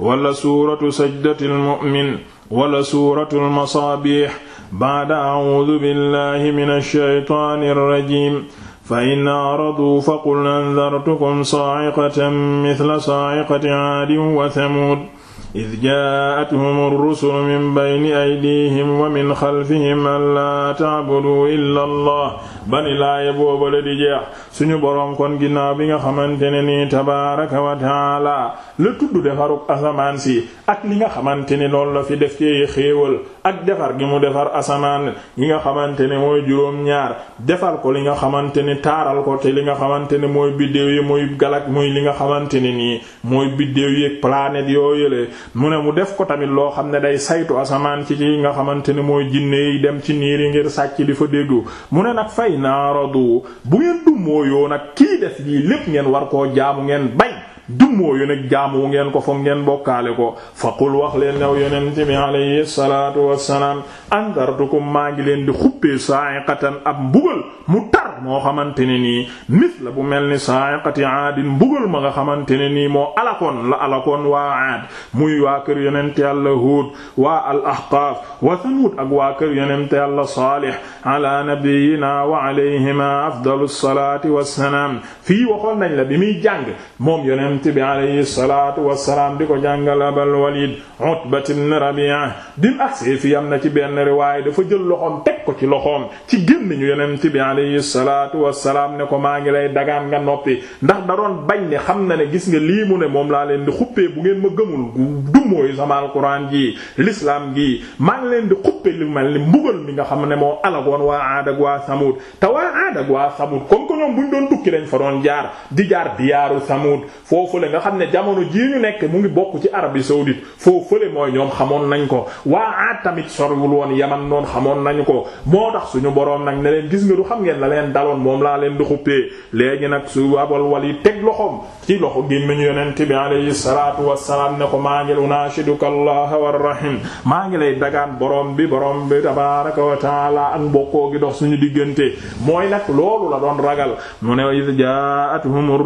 wala suuratu sajdati almu'min wala suuratu almasaabix bacda acuudu billahi min alshaytaani alrajim fa in acraduu faqul andartukum saaciqatan mithla saaciqati caadin wa thamuud id jaa'athum ar-rusulu min bayni aydihim wa min xalfihim an laa ta'budu illa allah bani laaya boobale di jeex suñu borom kon ginnaaw bi nga xamante ne nii tabaaraka wa taala la tudd defaruk asamaan si ak li nga xamante ni loolu la fi def ci xéewal ak defar gi mu defar asamaan gi nga xamante ne mooy juróom-ñaar defal ko li nga xamante ni taaral ko te li nga xamante ne mooy biddéew yi muy galak muy li nga xamante ne nii mooy biddéew yi ak yoo yële mu ne mu def ko tamit loo xam ne day saytu asamaan ci ci nga xamante ne mooy jinne yi dem ci niir yi ngir sàcc li fa déggu mu ne nag fay naaradu bu ngeen du mooyoo nag kii def yi lépp ngeen war koo jaamu ngeen dummóoyu nag jaamu ngeen ko foog ngeen bokkaale ko faqul wax leen new yonent bi alayhi salaatu wassalaam andartukum maa ngi leen di xuppee sa'iqatan ab mbugal mu moo xamante ne nii misla bu mel ni sa'iqati aadin mbugal ma nga xamante ne nii moo alakoon la alakoon waa aad muy waa kër yonent yàlla huud waa al ahqaaf wa thamuud ak waa kër yonent yàlla saalih ala nabiyyina wa alayhima afdalu salaati wassalaam fii waxoon nañ la bi muy jàng moom yonent bi alayhi salaatu wassalaam di ko jàngal abal walid utbat ibn rabi'a dim aksi fi am na ci benn riwaaya dafa jël loxoom ko ci loxoom ci gémmiñu yonent bi alayhi salaatu wassalaam ne ko maa ngi lay dagaan nga noppi ndax da doon bañ ne xam na ne gis nga lii mu ne moom laa leen di xuppee bu ngeen ma gëmul du mooy sama alquran ji l'islam gi maa ngi leen di xuppe lu mel ni mbugal mi nga xam ne moo alagoon waa aad ak waa samud te waa aad ak waa samud comme que ñoom buñ doon tukki dañ fa doon jaar di jaar diyaaru samud foo le nga xam ne jamono jii ñu nekk mu ngi bokk ci Arabie saoudite foofu le mooy ñoom xamoon nañ ko waa aad tamit sorwul woon yaman noon xamoon nañu ko moo tax suñu boroom nag ne leen gis nga du xam ngeen la leen daloon moom laa leen di xuppee léegi nag su abal wali teg loxoom ci loxo gémmiñu yonent bi alayhi salaatu wassalaam ne ko maa ngi unaashiduka allah war rahim maa ngi lay dagaan boroom bi boroom bi tabaaraka wa taala ak mbokkoo gi dox suñu diggante mooy nag loolu la doon ragal mu ne iz jaa'atuhumur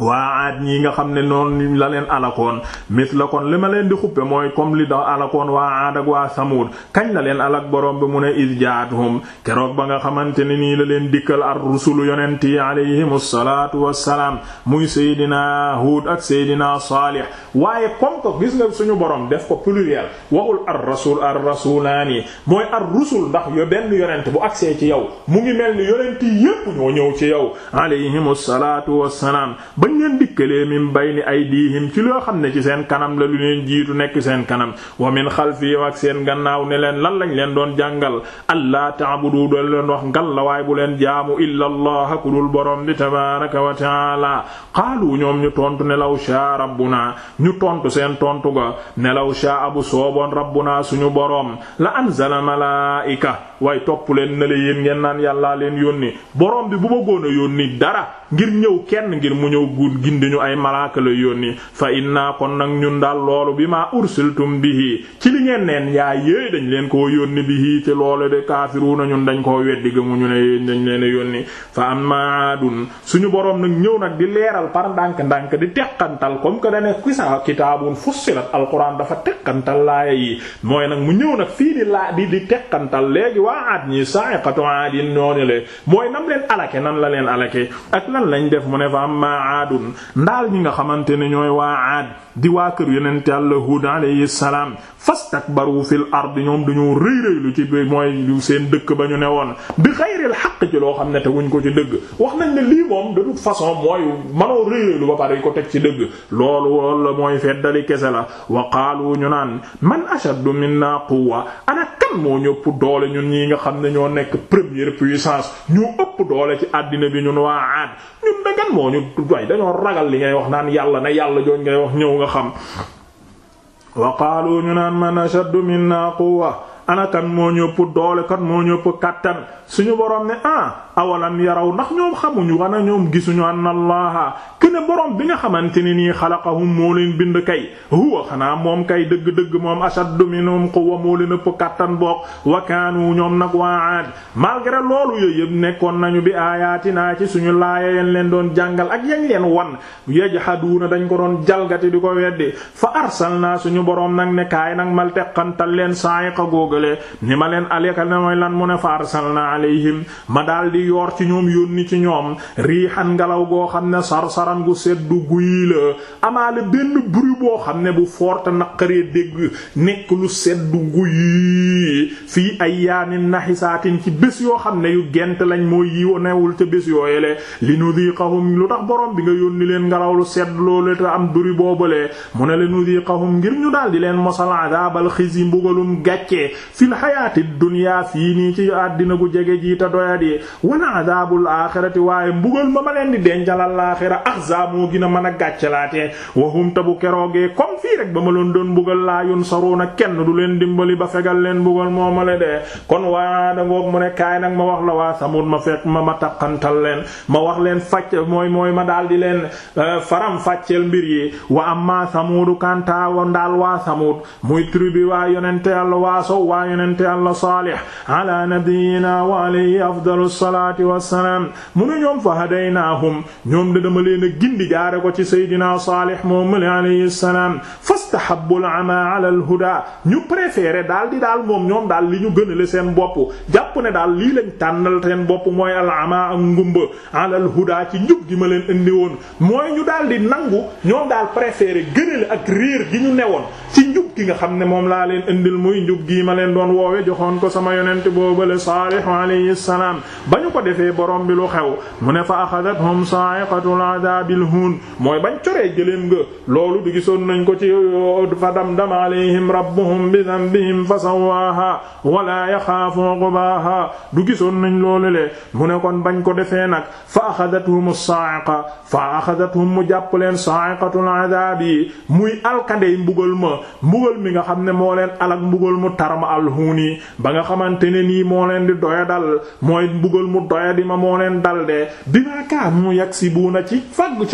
waa aad ñi nga xam ne noonu la leen alakoon mis la kon li ma leen di xuppe mooy comme li da alakoon waa aad ak waa samuud kañ la leen alak borom bi mu ne is jaathum keroog ba nga xamante ne nii la leen dikkal ar rusulu yonent yi alayhim asalatu wassalaam muy seydina huud ak seydina saalih waaye comme ko gis nga suñu boroom def ko pluriel waxul ar rasul ar rasulaani mooy ar rusul ndax yo benn yonent bu agsee ci yow mu ngi mel ni yonent yi yépp ñoo ñëw ci yow alayhim asalatu wassalaam bañ leen dikkalee min bayni aydihim ci loo xam ne ci seen kanam la lu leen jiitu nekk seen kanam wa min xalfihim ak seen gannaaw ne leen lan lañ leen doon jàngal allah ta'budu doon leen wax ngal la waay bu leen jaamu illa allah ku dul borom bi tabaraka wa taala qaalu ñoom ñu tontu ne law sha rabbuna ñu tontu seen tontu ga ne law sha abu sooboon rabbuna suñu borom la anzala malaika waaye topp leen na la yéen ngeen naan yàllaa leen yónni borom bi bu bëggoon a yónni dara ngir ñëw kenn ngir mu ñëw gin gindi ñu ay malaaka la yónni fa inna kon nag ñun daal loolu bi maa ursiltum bihi ci li ngeen neen yaa yéey dañ leen koo yónni bihi ci loolu de kaafiruuna ñun dañ koo weddi gëmuñu ne yéen dañ leen a yónni fa amma aadun suñu borom nag ñëw nag di leeral par ndànk-ndànk di teqantal comme que dane kisa kitaabun fussilat alquran dafa teqantal laaya yi mooy nag mu ñëw nag fii di laa di di teqantal léegi waa aat ñi sa'iqatu aadin ñooñu le mooy nam leen alake nan la leen alake ak nan lañ def mu ne fa amma aadun ndaal ñi nga xamante ne ñooy waa aad di waa kër yonent Yàlla Huud alayhi salaam fastakbaru fil ard ñoom dañoo rëy rëy lu ci mooy seen dëkk ba ñu ne woon bi xayril xaq ci loo xam ne te wuñ ko ci dëgg wax nañ ne lii moom de toute façon mooy manoo rëy ba pare ko teg ci dëgg loolu loolu la mooy feddali kese la wa qaalu ñu naan man kan moo ñu ëpp doole ñun ñi nga xam ne ñoo nekk première puissance ñu ëpp doole ci àddina bi ñun waa aad ñun da kan moo ñu way dañoo ragal li ngay wax naan yàlla na yàlla jooñ ngay wax ñëw nga xam wa qaalu ñu naan man ashaddu minna quwwa anakan moo ñëpp doole kan moo ñëpp kàttan suñu borom ne ah awalam yaraw ndax ñoom xamuñu wana ñoom gisuñu annallaaha kene borom bi nga xamante ni nii xalaqahum moo leen bind kay huwa xanaa moom kay dëgg-dëgg moom ashaddu minhum quwwa moo leen ëpp kàttan boog wakaanu ñoom nag waa aad malgré loolu yooyu yëpp nekkoon nañu bi naa ci suñu laaya yeen leen doon jàngal ak yañ leen wan yajhaduuna dañ ko doon jalgati di ko weddi fa arsalnaa suñu borom nag ne kaay nag mal fële ni ma leen alekal na mooy lan mu ne fa arsalna alayhim ma daal di yoor ci ñoom yónni ci ñoom riixan ngelaw goo xam ne sarsaran gu seddu guyi la amaale benn bruit boo xam ne bu forte naqaree dégg nekk lu seddu guyi fii ayyaamin nahisaatin ci bés yoo xam ne yu gent lañ mooy yi newul ca bés yooyele li nudiqahum lu tax borom bi nga yónni leen ngelaw lu sedd loolu te am duri boobalee mu ne li nudiqahum ngir ñu daal leen mosal adaabal xis fil xayaati dunya fii nii ci àddina gu jege jiita doyadi wala adabul axirati waaye mbugal ma ma leen di dencalal laaxira axza moo gën a mën a gàccalaatee wahum tabu keroogee comme fii rek ba ma loon doon mbugal laa yunsaruna kenn du leen dimbali ba fegal leen mbugal moo ma le dee kon waa da ngoog mu ne kaay nag ma wax la waa samut ma fekk ma ma taqantal leen ma wax leen fàcc mooy mooy ma daal di leen euh, faram fàcceel mbir yi wa amma samudu kanta waa yonente Yàlla Saalih ala nabiyyina wa alayhi afdalu salaati wassalaam mu ne ñoom fa hadaynaahum ñoom de dama leen a gindi jaare ko ci Seydina Saalih moom male alayhi salaam fastahabbul ama ala al huda ñu préféré daal di daal moom ñoom daal li ñu gënale seen bopp jàpp ne daal lii lañ tànnal seen bopp mooy al ama ak ngumba ala al huda ci njub gi ma leen indi woon mooy ñu daal di nangu ñoom daal préféré gënale ak réer gi ñu newoon ci gi nga xam ne moom laa leen indil muy njub gii ma leen doon woowe joxoon ko sama yonent boobale saalihu alayhi salaam ba ko defee borom bi lu xew mu ne fa axadathum sa'iqatul adabil hun mooy bañ coree gëléem nga loolu du gisoon nañ ko ci fa damdam alayhim rabbuhum bi dhanbihim fa sawaaha wala yaxaafu uqbaaha du gisoon nañ loolu le mu ne kon bañ ko defee nag fa axadathum sa'iqa fa axadathum mu jàpp leen sa'iqatul adabi muy alkandey mbugal ma mbugal mi nga xam ne moo leen alak mbugal mu tarma alhuuni ba nga xamante ne nii moo leen di doya dal mooy mbugal mu doya di ma moo leen dal de bimaa kaanu yaksibuuna ci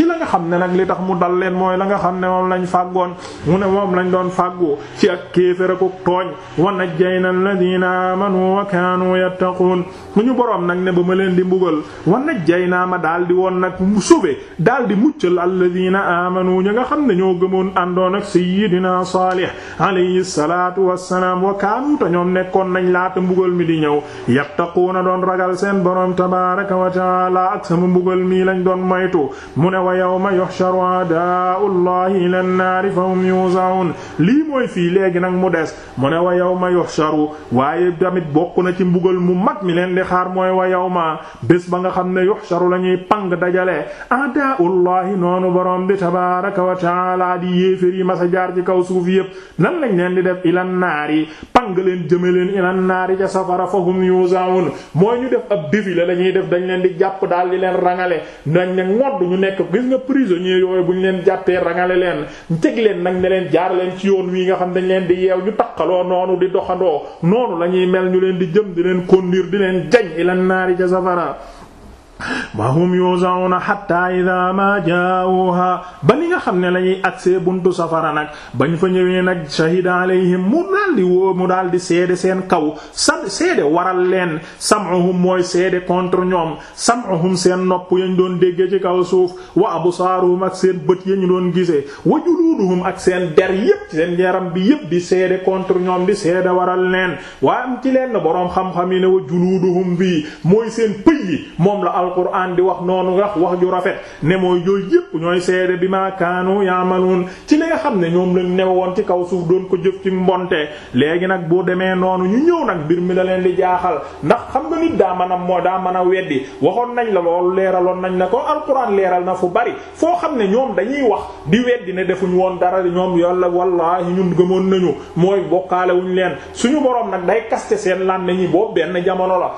la nga ne nag li tax mu dal leen mooy la nga xam ne moom lañ fàggoon mu ne moom doon fàggu ci ak kéefër ak tooñ wa najjayna alladina amanu wa kaanu yattaquun mu ñu boroom nag ne ba ma leen di mbugal wa najjayna ma daal di woon nag sube daal di muccal alladina amanu ñi nga xam ne ñoo gëmoon àndoon ak sayyidina Salih alayhi salaatu wassalaam wa kaanu te ñoom nekkoon nañ laata mbugal mi di ñëw yattaquuna doon ragal seen boroom tabaaraka wa taala ak sama mbugal mii lañ doon moytu mu ne wa yawma yuhsharu a'daa'u llahi ila nnaari fa hum yuuza'uun lii mooy fii léegi nag mu des mu ne wa yawma yuhsharu waaye tamit bokk na ci mbugal mu mag mi leen di xaar mooy wa yawma bés ba nga xam ne yuhsharu lañuy pang dajale a'daa'u llahi noonu boroom bi tabaaraka wa taala di yéefér yi masa jaar ci kaw suuf yépp nan lañ leen di def ilan naar yi pang leen jëme leen ilan naar yi ca safara fahum yuzaun mooy ñu def ab défilé la ñuy def dañ leen di jàpp daal di leen rangale dañ ne ngodd ñu nekk gis nga prisonnier yooyu bu ñu leen jàppee rangale leen teg leen nag ne leen jaar leen ci yoon wii nga xam dañ leen di yeew ñu takkaloo noonu di doxandoo noonu la ñuy mel ñu leen di jëm di leen conduire di leen jañ ilan naar yi ca safara wa hum yuzauna hatta idha ma jaawuha ba li nga xam ne la ñuy buntu safara nag ba ñu fa ñëwee nag shahida alayhim mu daal di woo mu daal di seede seen kaw sa seede waral leen sam'uhum mooy seede contre ñoom sam'uhum seen nopp yañ doon dégge ci kaw suuf wa absaaruhum ak seen bët ñu doon gisee wa juluduhum ak seen der yépp seen yaram bi yépp di seede contre ñoom di seede waral leen waa am ci leen boroom xam-xam yi ne wa juluduhum bi mooy seen alquran di wax noonu wax wax ju rafet ne mooy yooyu yépp ñooy seede bi ma kaanu yaamaloon ci li nga xam ne ñoom lañ woon ci kaw suuf doon ko jëf ci mbonte léegi nag boo demee noonu ñu ñëw nag mbir mi la leen di jaaxal ndax xam nga nit daa man a moo daa man a weddi waxoon nañ la loolu leeraloon nañ la ko alquran leeral na fu bari foo xam ne ñoom dañuy wax di weddi ne defuñ woon dara ñoom yàlla wallaahi ñun gëmoon nañu mooy bokkaale leen suñu boroom nag day kaste seen lan ñi boobu benn jamono la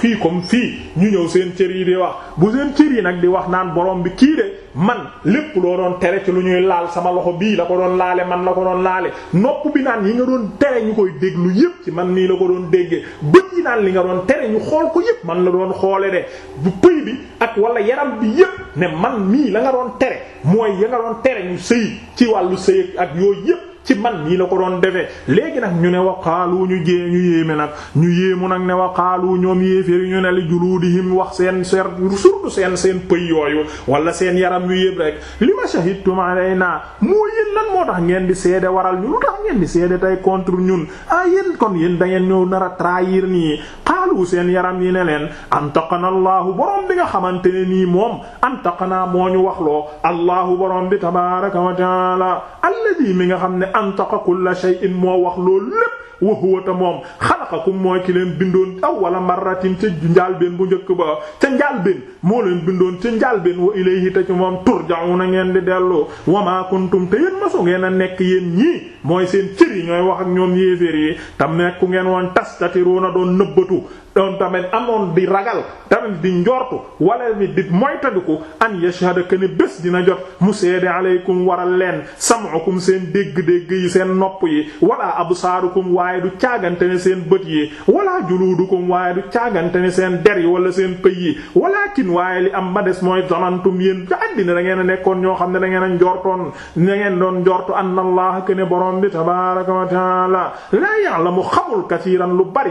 fii comme fii ñu ñëw seen cër yi di wax bu seen cër yi nag di wax naan borom bi kii de man lépp loo doon tere ci lu ñuy laal sama loxo bii la ko doon laale man la ko doon laale nopp bi naan yi nga doon tere ñu koy déglu yépp ci man nii la ko doon déggee bët yi naan li nga doon tere ñu xool ko yépp man la doon xoole de bu pëy bi ak wala yaram bi yépp ne man mii la nga doon tere mooy ya nga doon tere ñu sëy ci wàllu sëy ak yooyu yëpp ci man nii la ko doon defee léegi nag ñu ne waqaalu ñu jee ñu yéeme nag ñu yéemu nag ne waqaalu ñoom yéeféri ñu ne li juluudihim wax seen ser surtout seen seen pëy yooyu wala seen yaram yu yépp rek li ma shahidtum naa moo yéen lan moo tax ngeen di seede waral ñu lu tax ngeen di seede tey contre ñun ah yéen kon yéen da ngeen ñëw nar a trahir nii xaalu seen yaram yi ne leen antaqana allahu borom bi nga xamante ne nii moom antaqana moo ñu wax loo am antaqa kulla shay'in moo wax loolu lépp wa huwa ta moom xalaqakum mooy ki leen bindoon awwala marratin ca njaalbeen bu njëkk ba ca njaalbeen moo leen bindoon ca njaalbeen wa ilayhi ta ci moom na ngeen di delloo wa ma kuntum te yéen masu ngeen a nekk yéen ñii mooy seen cër yi ñooy wax ak ñoom yéeféer yi tam ku ngeen woon tastatiruna doon nëbbatu doon tamit amoon di ragal tamit di njortu wala mi di ko an yashhada ne bés dina jot mu seede aleykum waral leen sam'ukum seen dégg-dégg yi seen nopp yi wala absaarukum waaye du caagante ne seen bët yi wala juluudukum waaye du caagante ne seen der yi wala seen pëy yi walakin waaye li am ba des mooy zanantum yéen da àddina da a nekkoon ñoo xam ne da ngeen a njortoon da ngeen doon njortu anna allah ne borom bi tabaaraka wa ta'aala laa ya'lamu xamul kasiiran lu bari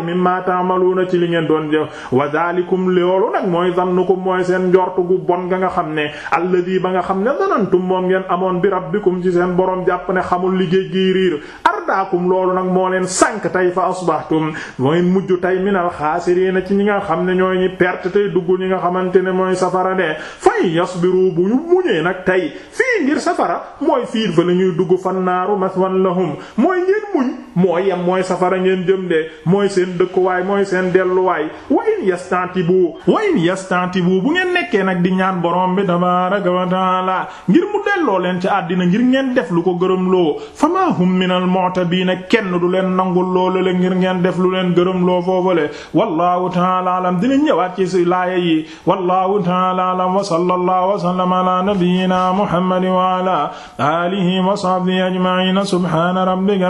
ngeen doon jëf wa zalikum loolu nag mooy zannukum mooy seen njort gu bon nga nga xam ne alladi ba nga xam ne zanantum moom ngeen amoon bi rabbikum ci seen borom jàpp ne xamul liggéey gi riir ardaakum loolu nag moo leen sànq tey fa asbahtum mooy mujj tey minal xaasiriina ci ñi nga xam ne ñooy ñi perte tey dugg ñi nga xamante ne mooy safara de fay yasbiru bu ñu muñee nag tey fii ngir safara mooy fii fa la dugg fan naaru lahum mooy ngeen muñ moo yem mooy safara ngeen jëm de seen dëkkuwaay mooy seen delluwaay wa in yastantibu bu ngeen nekkee nag di ñaan borom bi tabaaraka wa taala leen ci àddina ngir ngeen deflu ko gërëm loo fama hum minal mu'tabina kenn du leen nangul loolu la ngir ngeen def lu leen gërëm loo foofale wallahu taala alam dina ñëwaat ci si laaya yi wallahu taala alam wa sallallahu wa sallama ala nabiyyina muhammadin wa ala alihi wa sahbihi ajma'in subhana rabbika